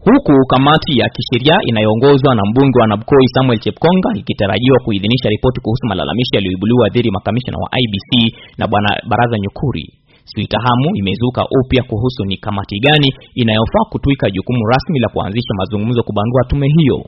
Huku kamati ya kisheria inayoongozwa na mbunge wa Nabkoi Samuel Chepkonga ikitarajiwa kuidhinisha ripoti kuhusu malalamishi yaliyoibuliwa dhidi makamishina wa IBC na bwana Baraza Nyukuri. Sitahamu imezuka upya kuhusu ni kamati gani inayofaa kutwika jukumu rasmi la kuanzisha mazungumzo kubandua tume hiyo.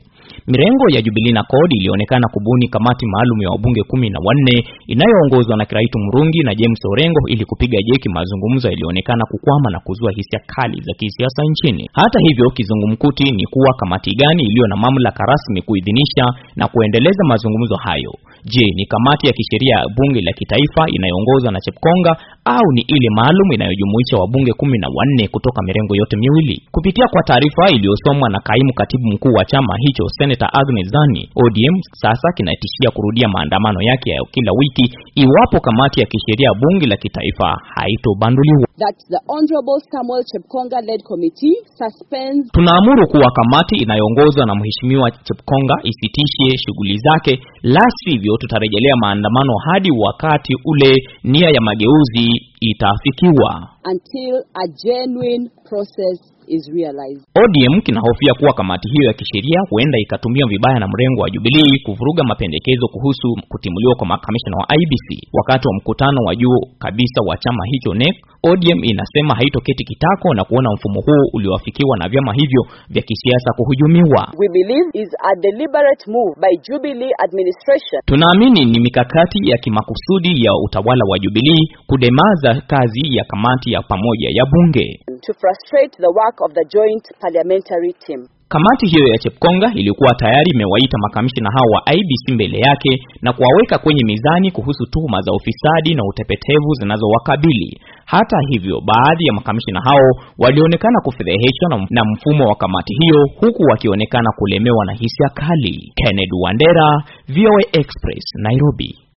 Mirengo ya Jubilee na kodi ilionekana kubuni kamati maalum ya wabunge kumi na wanne inayoongozwa na Kiraitu Murungi na James Orengo ili kupiga jeki mazungumzo yaliyoonekana kukwama na kuzua hisia kali za kisiasa nchini. Hata hivyo, kizungumkuti ni kuwa kamati gani iliyo na mamlaka rasmi kuidhinisha na kuendeleza mazungumzo hayo? Je, ni kamati ya kisheria ya bunge la kitaifa inayoongozwa na Chepkonga au ni ile maalum inayojumuisha wabunge kumi na wanne kutoka mirengo yote miwili? Kupitia kwa taarifa iliyosomwa na kaimu katibu mkuu wa chama hicho Sen seneta Agnes Zani, ODM sasa kinatishia kurudia maandamano yake ya kila wiki iwapo kamati ya kisheria bunge la kitaifa haitobanduliwa. That the Honorable Samuel Chepkonga led committee suspends. Tunaamuru kuwa kamati inayoongozwa na mheshimiwa Chepkonga isitishe shughuli zake, la sivyo tutarejelea maandamano hadi wakati ule nia ya mageuzi itafikiwa. Until a genuine process is realized. ODM kinahofia kuwa kamati hiyo ya kisheria huenda ikatumia vibaya na mrengo wa Jubilee kuvuruga mapendekezo kuhusu kutimuliwa kwa makamishna wa IBC wakati wa mkutano wa juu kabisa wa chama hicho NEC. ODM inasema haitoketi kitako na kuona mfumo huu ulioafikiwa na vyama hivyo vya kisiasa kuhujumiwa. We believe is a deliberate move by Jubilee administration. Tunaamini ni mikakati ya kimakusudi ya utawala wa Jubilee kudemaza kazi ya kamati ya pamoja ya bunge to frustrate the work of the joint parliamentary team. Kamati hiyo ya Chepkonga ilikuwa tayari imewaita makamishina hao wa IBC mbele yake na kuwaweka kwenye mizani kuhusu tuhuma za ufisadi na utepetevu zinazowakabili. Hata hivyo, baadhi ya makamishina hao walionekana kufedheheshwa na mfumo wa kamati hiyo huku wakionekana kulemewa na hisia kali. Kennedy Wandera, VOA Express, Nairobi.